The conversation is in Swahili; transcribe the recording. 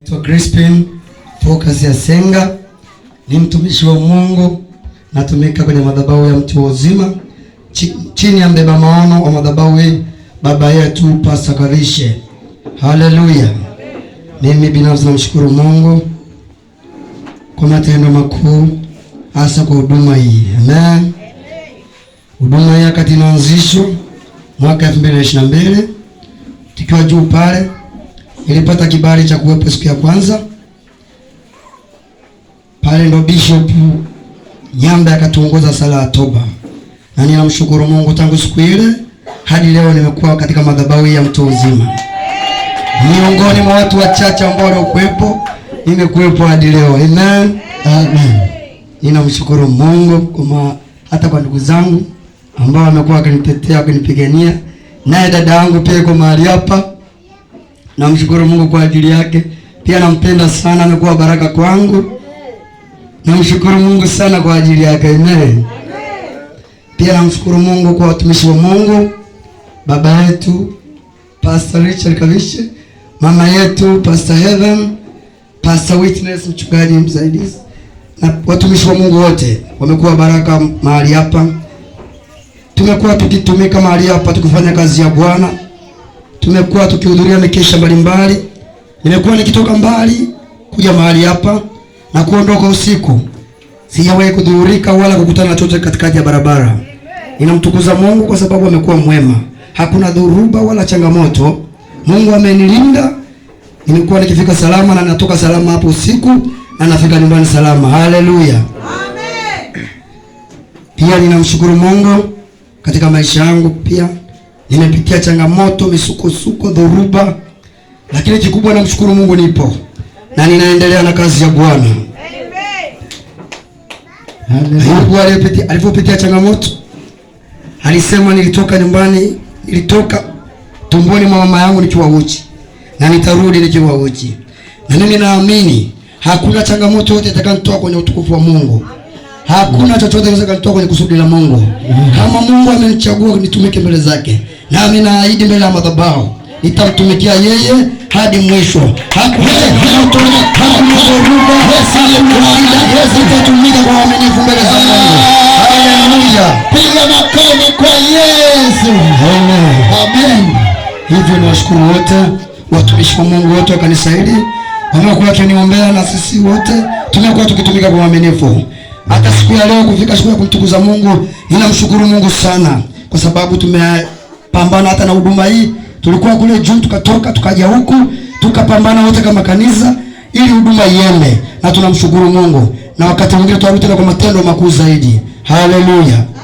Naitwa Crispin Focus ya Senga, ni mtumishi wa Mungu, natumika kwenye madhabahu ya mtu wa uzima Ch chini ya mbeba maono wa madhabahu hii baba yetu pasakarishe. Haleluya! Mimi binafsi namshukuru Mungu kwa matendo makuu, hasa kwa huduma hii amen. Huduma hii wakati inaanzishwa mwaka 2022 tukiwa juu pale Nilipata kibali cha kuwepo siku ya kwanza pale, ndo Bishop Nyanda akatuongoza sala ya toba, na ninamshukuru Mungu tangu siku ile hadi leo nimekuwa katika madhabahu ya mtu uzima, miongoni mwa watu wachache ambao waliokuwepo, nimekuwepo hadi leo. Amen, amen. Ninamshukuru Mungu kwa hata kwa ndugu zangu ambao wamekuwa wakinitetea wakinipigania, naye dada yangu pia yuko mahali hapa Namshukuru Mungu kwa ajili yake, pia nampenda sana, amekuwa baraka kwangu. Namshukuru Mungu sana kwa ajili yake, amen. Pia namshukuru Mungu kwa watumishi wa Mungu, baba yetu Pastor Richard Kavishe, mama yetu Pastor Heaven, Pastor Witness mchungaji msaidizi, na watumishi wa Mungu wote wamekuwa baraka mahali hapa. Tumekuwa tukitumika mahali hapa tukifanya kazi ya Bwana tumekuwa tukihudhuria mikesha mbalimbali. Nimekuwa nikitoka mbali kuja mahali hapa na kuondoka usiku, sijawahi kudhuhurika wala kukutana chochote katikati ya barabara. Ninamtukuza Mungu kwa sababu amekuwa mwema, hakuna dhuruba wala changamoto. Mungu amenilinda, nimekuwa nikifika salama na natoka salama hapo usiku na nafika nyumbani salama. Haleluya, amen. Pia ninamshukuru Mungu katika maisha yangu pia nimepitia changamoto, misukosuko, dhoruba, lakini kikubwa namshukuru Mungu nipo na ninaendelea na kazi ya Bwana. Ayubu alipopitia changamoto alisema, nilitoka nyumbani, nilitoka tumboni mwa mama yangu nikiwa uchi na nitarudi nikiwa uchi. Na mimi naamini hakuna changamoto yote itakayonitoa kwenye utukufu wa Mungu. Hakuna chochote kinaweza kunitoa kwenye kusudi la Mungu. Kama Mungu amenichagua nitumike mbele zake nami naahidi mbele ya madhabahu nitamtumikia yeye hadi mwisho. Nitatumika kwa uaminifu mbele za Mungu. Haleluya, piga makofi kwa Yesu. Amen. Hivyo ni washukuru wote watumishi wa Mungu wote wa kanisa hili wamekuwa wakiniombea, na sisi wote tumekuwa tukitumika kwa uaminifu. Hata siku ya leo kufika siku ya kumtukuza Mungu, ninamshukuru Mungu sana kwa sababu tumea pambana hata na huduma hii. Tulikuwa kule juu tukatoka tukaja huku tukapambana wote kama kanisa ili huduma iende, na tunamshukuru Mungu, na wakati mwingine tuarudi tena kwa matendo makuu zaidi. Haleluya.